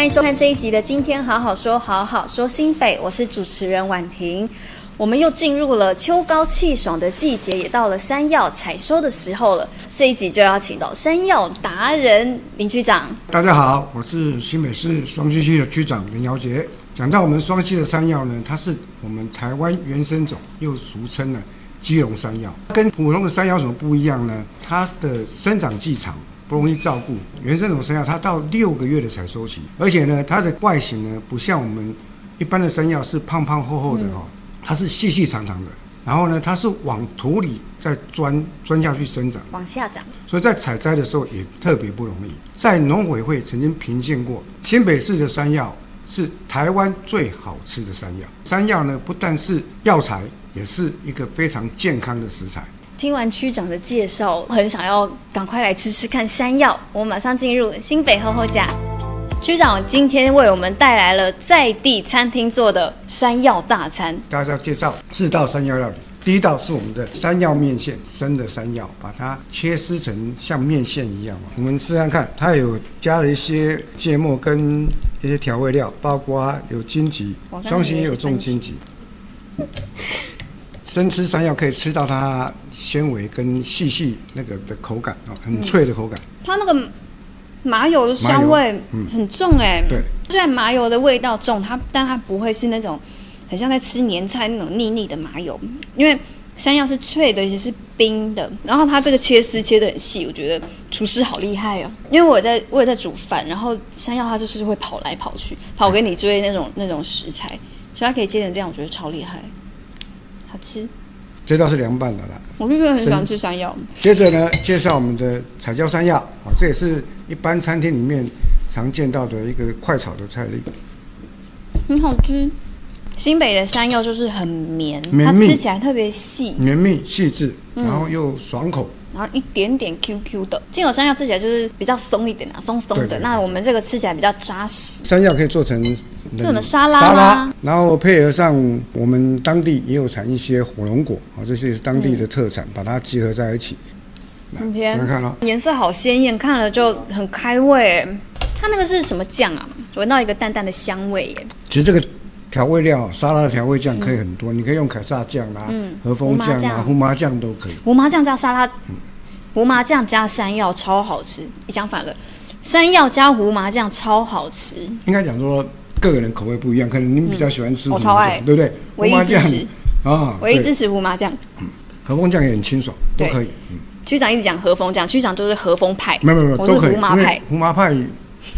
歡迎收看這一集的《今天好好說》，好好說新北，我是主持人婉婷。我們又進入了秋高氣爽的季節，也到了山藥採收的時候了。這一集就要請到山藥達人林區長。大家好，我是新北市雙溪區的區長林銚傑。講到我們雙溪的山藥呢，它是我們台灣原生種，又俗稱呢基隆山藥。跟普通的山藥有什麼不一樣呢？它的生長季長。不容易照顧，原生種山藥它到六個月的採收期，而且呢，它的外形呢不像我們一般的山藥是胖胖厚厚的哦，嗯、它是細細長長的，然後呢，它是往土裡再鑽鑽下去生長，往下長，所以在採摘的時候也特別不容易。在農委會曾經評鑑過，新北市的山藥是台灣最好吃的山藥。山藥呢不但是藥材，也是一個非常健康的食材。聽完區長的介紹，我很想要趕快來吃吃看山藥。我馬上進入新北厚厚呷。嗯、區長今天為我們帶來了在地餐廳做的山藥大餐。大家要介紹四道山藥料理。第一道是我們的山藥麵線，生的山藥，把它切絲成像麵線一樣。我們試看看，它有加了一些芥末跟一些調味料，包括有金桔，雙溪也有種金桔。 生吃山藥可以吃到它。纖維跟細細那個的口感啊，很脆的口感，嗯。它那個麻油的香味，嗯、很重哎、欸。對，雖然麻油的味道重，它但它不會是那種很像在吃年菜那種膩膩的麻油，因為山藥是脆的也是冰的，然後它這個切絲切得很細，我覺得廚師好厲害哦。因為我在我也在煮飯，然後山藥它就是會跑來跑去，跑給你追那種、嗯、那種食材，所以它可以切成這樣，我覺得超厲害，好吃。這道是涼拌的啦。我就很喜歡吃山藥。接着呢，介紹我們的彩椒山藥啊、哦，這也是一般餐廳裡面常見到的一個快炒的菜類。很好吃，新北的山藥就是很綿，綿密，它吃起來特別細，綿密細緻，然後又爽口、嗯，然後一點點 Q Q 的。進口山藥吃起來就是比較鬆一點啊，松松的。對對對，那我們這個吃起來比較扎實。山藥可以做成。什麼、嗯、沙拉，然後配合上我們當地也有產一些火龍果啊，這些是當地的特產，嗯、把它集合在一起。今天，看看，顏色好鮮豔，看了就很開胃、欸。它那個是什麼醬啊？聞到一個淡淡的香味耶、欸。其實這個調味料沙拉調味醬可以很多，嗯、你可以用凱撒醬啦、啊、嗯、和風醬啊、胡麻醬都可以。胡麻醬加沙拉，嗯、胡麻醬加山藥超好吃。你講反了，山藥加胡麻醬超好吃。應該講說。個人口味不一樣，可能您比較喜歡吃胡麻醬，對不對？我超愛，唯一支持啊，唯一支持胡麻醬。和風醬也很清爽，都可以。區長一直講和風醬，區長就是和風派，沒有沒有，都是胡麻派。胡麻派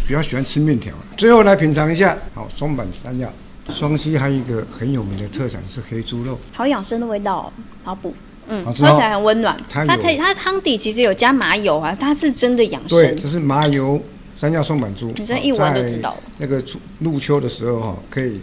比較喜歡吃麵條。最後來品嘗一下，好松阪山藥。雙溪還有一個很有名的特產是黑豬肉，好養生的味道，好補。嗯，喝起來很溫暖。它它湯底其實有加麻油啊，它是真的養生，對，就是麻油。山藥松阪豬在一道那個初入秋的時候哈，可以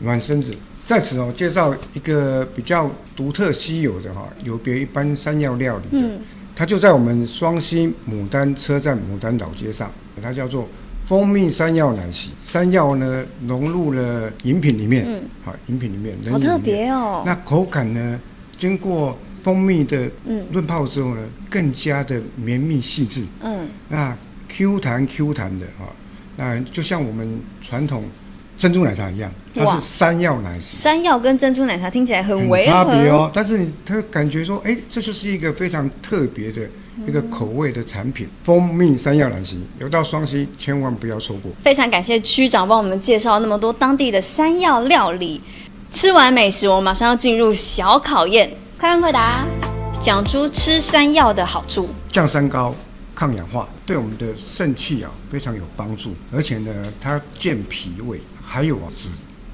暖身子。嗯、在此哦，介紹一個比較獨特稀有的哈，有別於一般山藥料理的，嗯、它就在我們雙溪牡丹車站牡丹老街上，它叫做蜂蜜山藥奶昔。山藥呢融入了飲品裡面，好飲、嗯、品裡面，裡面好特別哦。那口感呢，經過蜂蜜的潤泡之後呢，嗯、更加的綿密細緻。嗯，那。Q 彈 Q 彈的啊、哦，那就像我們傳統珍珠奶茶一樣，它是山藥奶昔。山藥跟珍珠奶茶聽起來很無差別哦，但是你他感覺說，誒、欸，這就是一個非常特別的一個口味的產品，嗯、蜂蜜山藥奶昔，有到雙溪，千萬不要錯過。非常感謝區長幫我們介紹那麼多當地的山藥料理。吃完美食，我馬上要進入小考驗，快問快答，講、嗯、出吃山藥的好處。降三高。抗氧化，對我們的腎氣啊非常有幫助，而且呢它健脾胃，還有啊止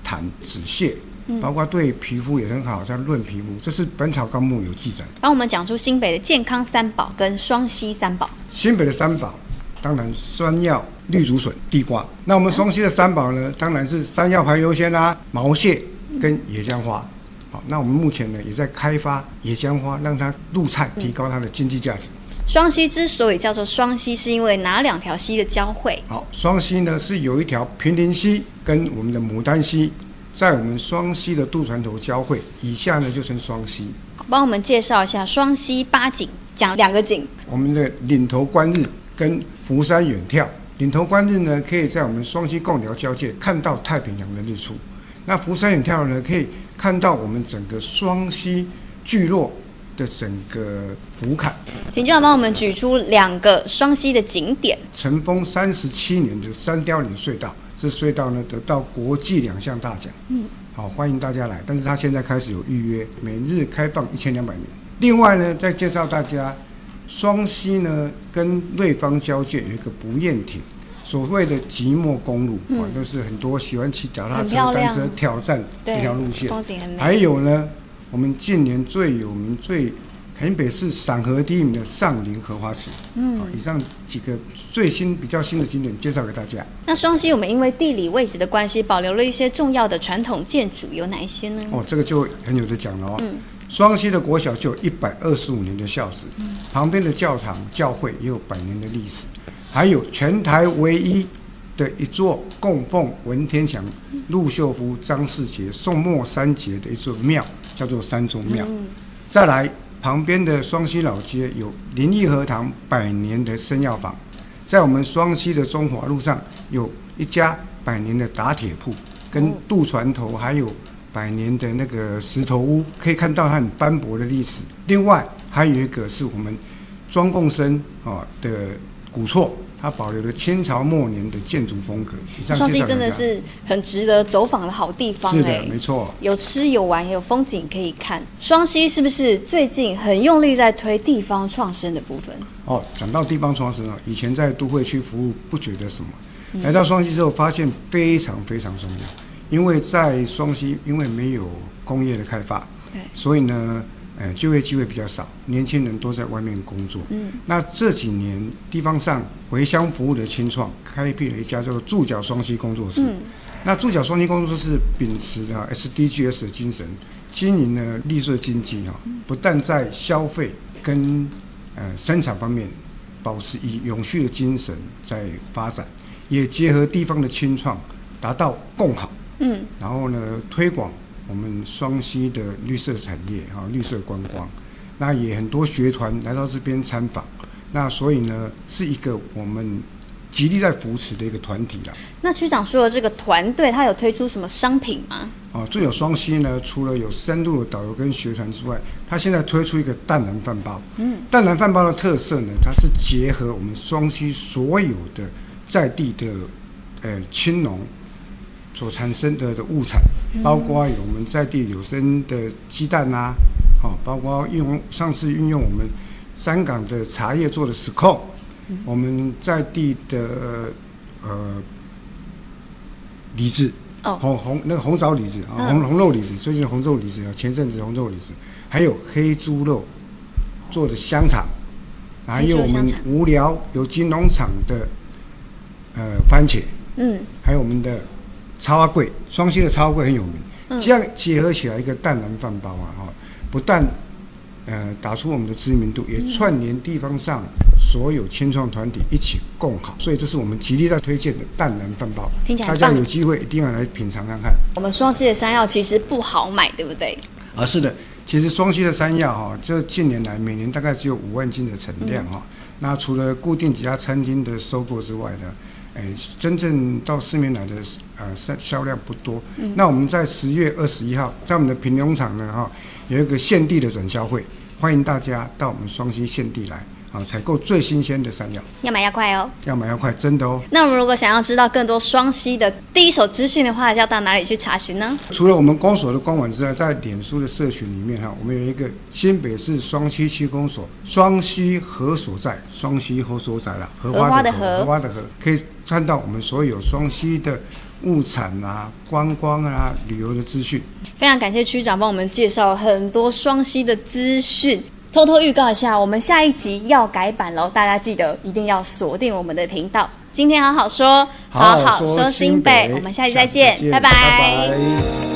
痰止瀉，嗯、包括對皮膚也很好，像潤皮膚，這是《本草綱目》有記載。幫我們講出新北的健康三寶跟雙溪三寶。新北的三寶當然山藥、綠竹筍、地瓜。那我們雙溪的三寶呢，當然是山藥排優先啦、啊，毛蟹跟野薑花。嗯、好，那我們目前呢也在開發野薑花，讓它入菜，提高它的經濟價值。嗯雙溪之所以叫做雙溪，是因為哪兩條溪的交匯？好，雙溪呢是有一條平林溪跟我們的牡丹溪，在我們雙溪的渡船頭交匯，以下呢就稱雙溪。好，幫我們介紹一下雙溪八景，講兩個景。我們的嶺頭觀日跟福山遠眺。嶺頭觀日呢，可以在我們雙溪貢寮交界看到太平洋的日出。那福山遠眺呢，可以看到我們整個雙溪聚落。的整個俯瞰。請區長幫我們舉出兩個雙溪的景點。塵封三十七年的三貂嶺隧道，這隧道呢得到國際兩項大獎。嗯，好、哦，歡迎大家來，但是它現在開始有預約，每日開放一千兩百名。另外呢，再介紹大家，雙溪呢跟瑞芳交界有一個不厭亭，所謂的寂寞公路啊、嗯，就是很多喜歡騎腳踏車、單車挑戰這條對路線，還有呢。我們近年最有名、最台北市賞荷第一名的上林荷花池。嗯、哦，以上幾個最新比較新的景點介紹給大家。那雙溪我們因為地理位置的關係，保留了一些重要的傳統建築，有哪一些呢？哦，這個就很有得講了哦。嗯，雙溪的國小就有一百二十五年的校史，嗯、旁邊的教堂教會也有百年的歷史，還有全台唯一的一座供奉文天祥、陸秀夫、張世傑、宋末三傑的一座廟。叫做三忠廟，再來旁邊的雙溪老街有林益和堂百年的生藥房，在我們雙溪的中華路上有一家百年的打鐵鋪跟渡船頭還有百年的那個石頭屋，可以看到它很斑駁的歷史。另外還有一個是我們莊貢生啊的。不錯，它保留了清朝末年的建築風格。雙溪真的是很值得走訪的好地方。欸，是的，沒錯，有吃有玩也有風景可以看。雙溪是不是最近很用力在推地方創生的部分？哦，講到地方創生啊，以前在都會區服務不覺得什麼，來到雙溪之後發現非常非常重要，因為在雙溪因為沒有工業的開發，對，所以呢。嗯，就業機會比較少，年輕人都在外面工作。嗯，那這幾年地方上回鄉服務的青創開闢了一家叫做“註腳雙溪”工作室。嗯，那“註腳雙溪”工作室秉持著 SDGs 的精神，經營的綠色經濟不但在消費跟呃生產方面保持以永續的精神在發展，也結合地方的青創，達到共好。嗯，然後呢，推廣。我們雙溪的綠色產業啊，綠色觀光，那也很多學團來到這邊參訪，那所以呢，是一個我們極力在扶持的一個團體了。那區長說的這個團隊，他有推出什麼商品嗎？哦，最有雙溪呢，除了有深度的導遊跟學團之外，他現在推出一個淡蘭飯包。嗯，淡蘭飯包的特色呢，它是結合我們雙溪所有的在地的，呃，青農。所產生的的物產，包括有我們在地有生的雞蛋啊，好、哦，包括用上次運用我們三港的茶葉做的司康、嗯，我們在地的呃李子哦紅、那個、紅那、哦、紅棗李子啊紅紅肉李子，最近紅肉李子啊，前陣子紅肉李子，還有黑豬肉做的香腸，還有我們無聊有機農場的呃番茄，嗯，還有我們的。茶花，雙溪的茶花很有名，嗯、這樣結合起來一個淡蘭飯包啊，哈，不但呃打出我們的知名度，也串聯地方上所有青創團體一起共好，所以這是我們極力在推薦的淡蘭飯包。聽起來，大家有機會一定要來品嘗看看。我們雙溪的山藥其實不好買，對不對？啊，是的，其實雙溪的山藥哈，這近年來每年大概只有五萬斤的產量哈，嗯、那除了固定幾家餐廳的收購之外呢？哎、欸，真正到市面來的呃銷銷量不多。嗯、那我們在十月二十一號，在我們的平林農場呢，哈、哦，有一個現地的展銷會，歡迎大家到我們雙溪現地來。啊，採購最新鮮的山藥，要買要快哦。要買要快，真的哦。那我們如果想要知道更多雙溪的第一手資訊的話，就要到哪裡去查詢呢？除了我們公所的官網之外，在臉書的社群裡面哈，我們有一個新北市雙溪區公所，雙溪荷所在。雙溪荷所在了、啊，荷花的荷，荷花的荷，可以看到我們所有雙溪的物產啊、觀光啊、旅遊的資訊。非常感謝區長幫我們介紹很多雙溪的資訊。偷偷預告一下，我們下一集要改版嘍大家記得一定要鎖定我們的頻道。今天好好說，好好說新北，新北我們下期再見，見，拜拜，拜拜。